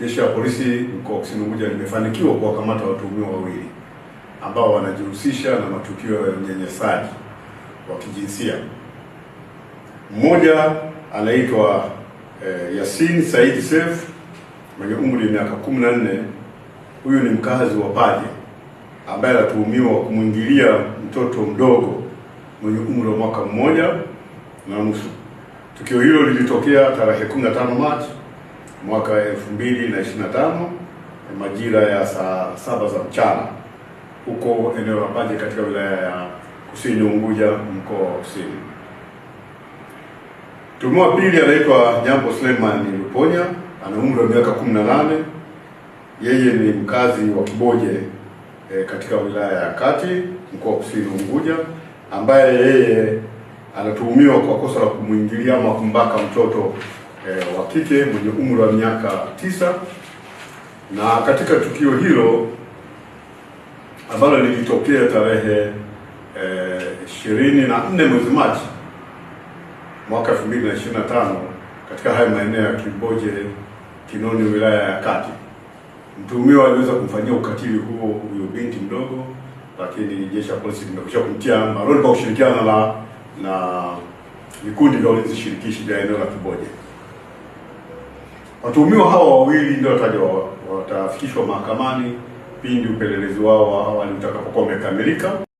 Jeshi la Polisi mkoa wa Kusini Unguja limefanikiwa kuwakamata watuhumiwa wawili ambao wanajihusisha na matukio ya unyanyasaji wa kijinsia. Mmoja anaitwa e, Yasin Said Seif mwenye umri wa miaka 14. Huyu ni mkazi wa Paje ambaye anatuhumiwa kumwingilia mtoto mdogo mwenye umri wa mwaka mmoja na nusu. Tukio hilo lilitokea tarehe 15 Machi mwaka 2025 majira ya saa saba za mchana huko eneo la Paje katika wilaya ya Kusini Unguja mkoa wa Kusini. Mtuhumiwa wa pili anaitwa Jambo Suleiman Luponya ana umri wa miaka 18. Yeye ni mkazi wa Kiboje e, katika wilaya ya Kati mkoa wa Kusini Unguja ambaye yeye anatuhumiwa kwa kosa la kumwingilia ama kumbaka mtoto e, wa kike mwenye umri wa miaka tisa na katika tukio hilo ambalo lilitokea tarehe eh, ishirini na nne mwezi Machi mwaka 2025 katika haya maeneo ya Kiboje Kinoni wilaya ya Kati, mtuhumiwa aliweza kumfanyia ukatili huo huyo binti mdogo, lakini jeshi la polisi limekwisha kumtia mbaroni kwa kushirikiana na na vikundi vya ulinzi shirikishi vya eneo la Kiboje. Watuhumiwa hawa wawili ndio watafikishwa mahakamani pindi upelelezi wao wa awali utakapokuwa umekamilika.